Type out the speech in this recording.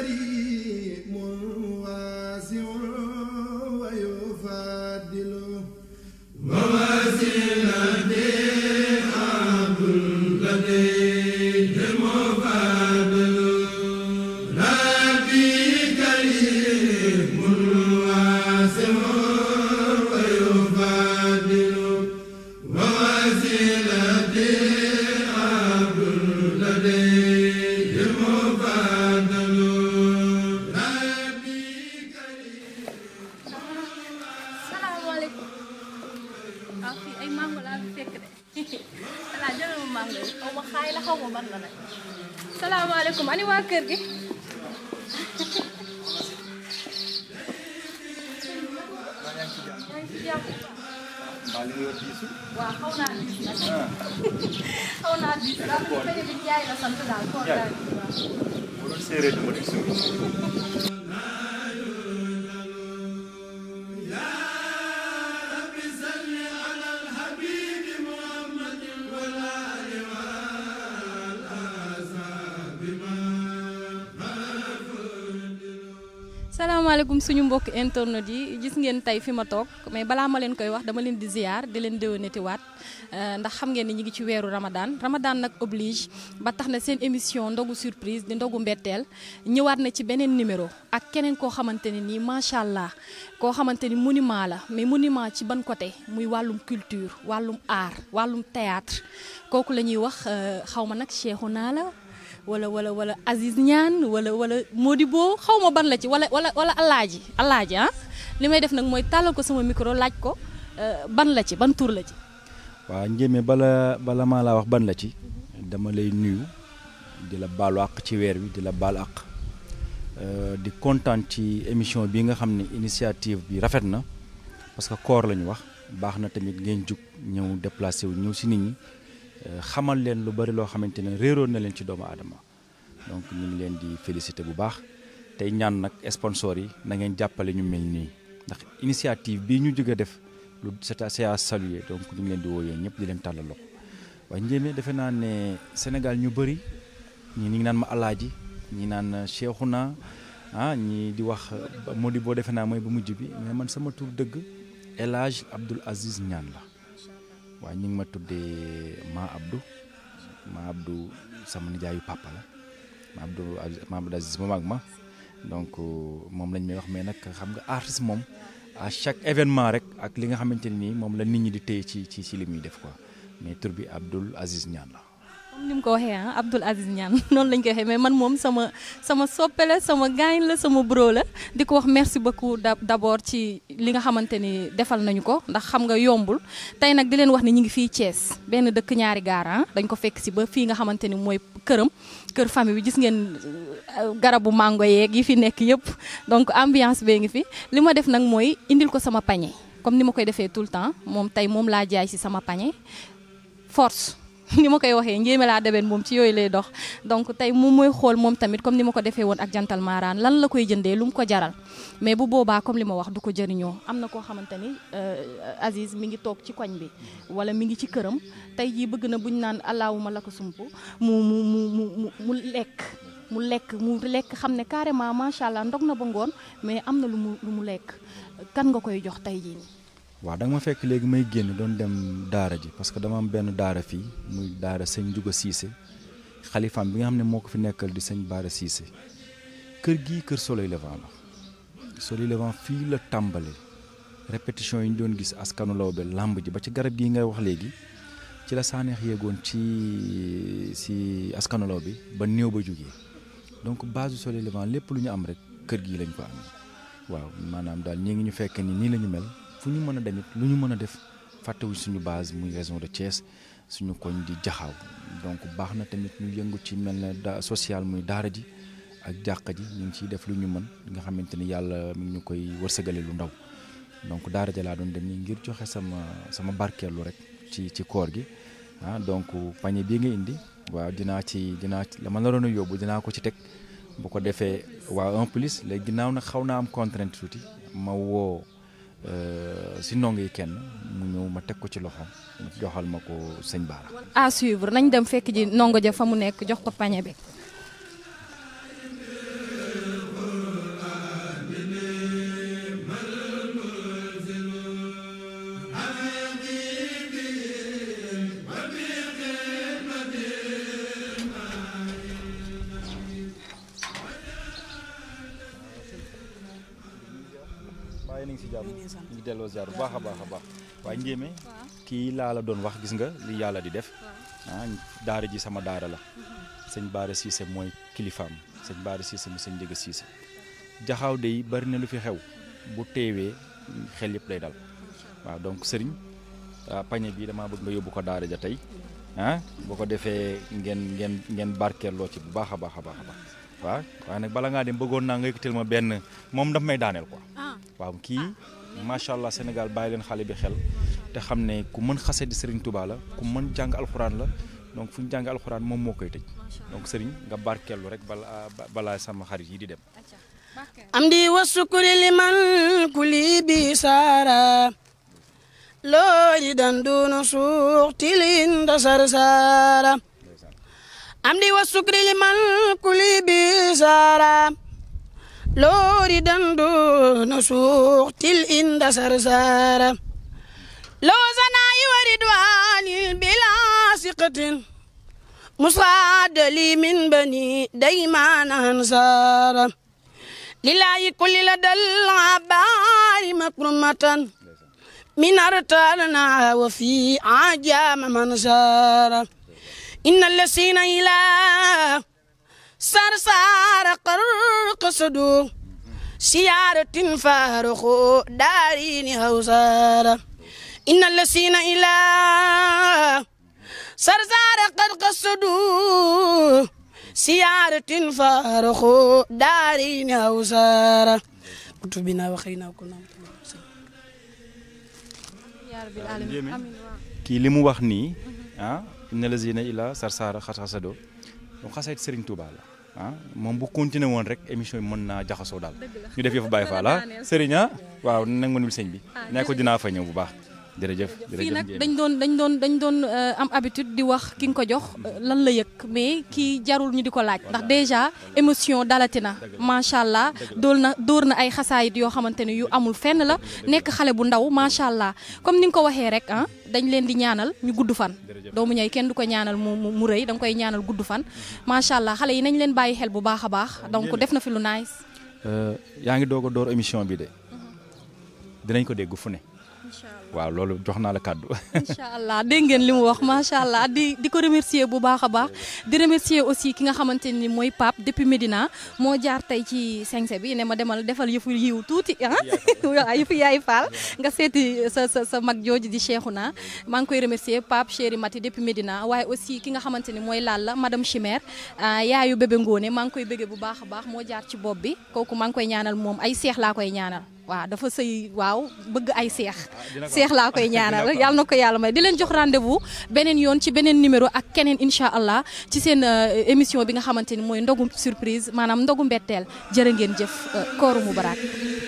الكريم am na nag salaamaaleykum ani waa kër gi waaw li nga yor diisu. waaw xaw naa diisu nag. xaw naa diisu daal man jaay la sant daal. jaay la sant daal. asalaamaaleykum suñu mbokk internet yi gis ngeen tey fi ma toog mais balaa ma leen koy wax dama leen di ziar di leen déwénati waat euh, ndax xam ngeen ni ñu ngi ci weeru Ramadan Ramadan nag oblige ba tax na seen émission ndogu surprise di ndogu mbetteel ñëwaat na ci beneen numéro ak keneen koo xamante ne nii macha allah koo xamante ni monument la mais monument ci ban côté muy wàllum culture wàllum art wàllum théâtre kooku la ñuy wax euh, xaw ma nag naa la. wala wala wala Aziz Niane wala wala Modibo xaw ma ban la ci wala wala wala Alaaji Alaaji ah li may def nag mooy tàllal ko sama micro laaj ko euh, ban la ci ban tur la ci. waaw Ndiémé bala bala maa laa wax ban la ci dama lay nuyu di la baalu àq ci weer wi di la baal àq euh, di kontaan ci émission bi nga xam ni initiative bi rafet na parce que koor la ñu wax baax na tamit ngeen jug ñëw déplacé wu ñëw si nit ñi. Euh, xamal leen lu bari loo xamante ne réeroon na leen ci doomu aadama donc ñu ngi leen di féliciter bu baax tey ñaan nag esponsoor yi na ngeen jàppale ñu mel nii ndax initiative bii ñu jóg a def lu c'est à saluer donc ñu ngi leen di wooyee ñëpp di leen tàllal loxo waaye njéemee defe naa ne Sénégal ñu bëri ñi ngi naan ma ji ñi naan Cheikhouna ah ñi di wax moo boo defe naa mooy bu mujj bi mais man sama tur dëgg El Hadj Abdoul Aziz Niane la waaye ñu ngi ma tuddee ma Abdou ma Abdou sama nijaayu papa la ma Abdou ma Abdou Aziz moom ak ma donc euh, moom lañ may wax mais nag xam nga artiste moom à chaque événement rek ak li nga xamante ne nii moom la nit ñi di téye ci ci ci li muy def ko mais tur bi Abdoul Aziz Niane la. ni mu ko waxee ah Abdoul Aziz Niane noonu lañ ko waxee mais man moom sama sama soppe la sama gaañ la sama bro la di ko wax merci beaucoup d'abord ci li nga xamante ni defal nañu ko ndax xam nga yombul tey nag di leen wax ne ñu ngi fii cees benn dëkk ñaari gaar ah, dañ ko fekk si ba fii nga xamante ni mooy këram kër famille bi gis ngeen euh, garabu mango yeeg yi fi nekk yëpp donc ambiance bee ngi fi li ma def nag mooy indil ko sama pañe comme ni ma koy defee tout le temps moom tey moom laa jaay si sama pañe force ni ma koy waxee njéeme laa deben moom ci yooyu lay dox donc tey moom mooy xool moom tamit comme ni ma ko defee woon ak jantal maaraan lan la koy jëndee lu mu ko jaral mais bu boobaa comme li ma wax du ko jëriñoo am na koo xamante ni euh, Aziz mi ngi toog ci koñ bi wala mi ngi ci këram tey jii bëgg na buñ naan allahuma la ko sump mu mu mu mu mu lekk mu lekk mu lekk xam ne carrément macha allah ndog na ba ngoon mais am na lu mu mu lekk kan nga koy jox tey jii waaw da nga ma fekk léegi may génn doon dem daara ji parce que dama am benn daara fii muy daara sëñ Juga Siise xalifaam bi nga xam ne moo ko fi nekkal di sëñ Baara Siise kër gii kër Soleil Levant la Soleil Levant fii la tàmbali répétition yi ñu doon gis askanu lawbe làmb ji ba ci garab gii ngay wax léegi ci la saaneex yéegoon ci si askanu bi ba néew ba jógee donc base du Soleil lépp lu ñu am rek kër gii lañ ko amee waaw maanaam daal ñi ngi ñu fekk ni nii la ñu mel fu ñu mën a demit lu ñu mën a def fàttewu suñu base muy région de Thiès suñu koñ di jaxaw donc baax na tamit ñu yëngu ci mel na da sociale muy daara ji ak jàq ji ñu ngi ciy def lu ñu mën nga xamante ni yàlla mi ngi ñu koy wërsëgale lu ndaw donc daara ja laa doon dem nii ngir joxe sama sama barkeelu rek ci ci koor gi ah donc pañe bii nga indi waaw dinaa ci dinaa ci la ma la doon yóbbu dinaa ko ci teg bu ko defee waa un plus léegi ginnaaw nag xaw naa am contrainte tuuti ma Euh, si ndongo yi kenn mu ñëw ma teg ko ci loxo joxal ma ko sëñ Baara. à suivre nañ dem fekk ji ndongo ja fa mu nekk jox ko pañe bi. ngi si jàmm ñu delloo ziar bu baax a baax a baax waa njéeme kii laa la doon wax gis nga li yàlla di def ah daara ji sama daara la mm-hmm. sëñ Baara Cissé mooy kilifaam sëñ Baara Cissé mu sëñ Njëga Cissé jaxaw de bari na lu fi xew bu teewee xel yëpp day dal waaw donc sëriñ ah, pañe bi damaa bëgg nga yóbbu ko daara ja tey mm-hmm. ah boo ko defee ngeen ngeen ngeen loo ci bu baax a baax a baax a baax waaw waaye nag bala ngaa dem bëggoon naa nga yëkkatil ma benn moom daf may daaneel ko ah. waaw kii ah. macha allah Sénégal bàyyi leen xale bi xel te xam ne ku mën xase di Serigne tubaa la ku mën jàng alxuraan la donc fu ñu jàng alxuraan moom moo koy tëj donc Serigne nga barkeellu rek bala balaa sama xarit yi di dem am di wa sukuri liman kuli bi saara looridan duunu suux tilin da sarsaara am di wa sukri li man kuli bi saara looridan duunu suux tilin da sarsaara loo sanaayi wa ridwaanil bilaa siqatin musaadali min bani daymaana ansaara lillaahi kulli la dal abaari makrumatan من أرتالنا وفي عجام من سار إن الذين إلى سرسار قصدوا سيارة فارخوا دارين هوسار إن الذين إلى سرسار قصدوا سيارة فارخوا دارين هوسار كتبنا وخينا وكنا kii li mu wax nii ah inna lazina ila sarsaara xasxasado moom xasayit Serigne Touba la ah moom bu continué woon rek émission bi mën naa jaxasoo daal ñu def yëfu Baye Fall ah Serigne ah, waaw nag ma nuyul sëñ bi ah, nee ko dinaa fa ñëw bu baax jërëjëf fii nag dañ doon dañ doon dañ doon euh, am habitude di wax ki nga ko jox euh, lan la yëg mais kii jarul ñu di ko laaj ndax déjà émotion dalati na macha allah dóor na dóor na ay xasaayit yoo xamante ne yu amul fenn la nekk xale bu ndaw macha allah comme ni nga ko waxee rek ah dañ leen di ñaanal ñu gudd fan doomu ñay kenn du ko ñaanal mu mu rëy da nga koy ñaanal gudd fan macha allah xale yi nañ leen bàyyi xel bu baax a baax donc def na fi lu nice euh, yaa ngi doog ko door émission bi de mhm. dinañ ko dégg fu ne waaw loolu jox naa la kàddu. incha allah dégg ngeen li mu wax macha allah di di ko remercier bu baax a baax di remercier aussi ki nga xamante ni mooy Pape depuis Medina moo jaar tey ci sañse bi ne ma demal defal yëfu yiw tuuti ah yëfu yaay faal nga seeti sa sa sa mag jooju di Cheikhouna maa ngi koy remercier Pape Chéri Mati depuis Medina waaye aussi ki nga xamante ni mooy Lalla madame Chimère ah, yaayu bébé ngoone maa ngi koy bëggee bu baax a baax moo jaar ci bopp bi kooku maa ngi koy ñaanal moom ay seex laa koy ñaanal. waaw dafa sëy waaw bëgg ay seex ah, seex laa koy ñaanal yàlla na ko yàlla may di leen jox rendez-vous beneen yoon ci beneen numéro ak keneen incha allah ci seen euh, émission bi nga xamante ni mooy ndogu surprise maanaam ndogu mbetteel jërë ngeen jëf euh, kooru mubarak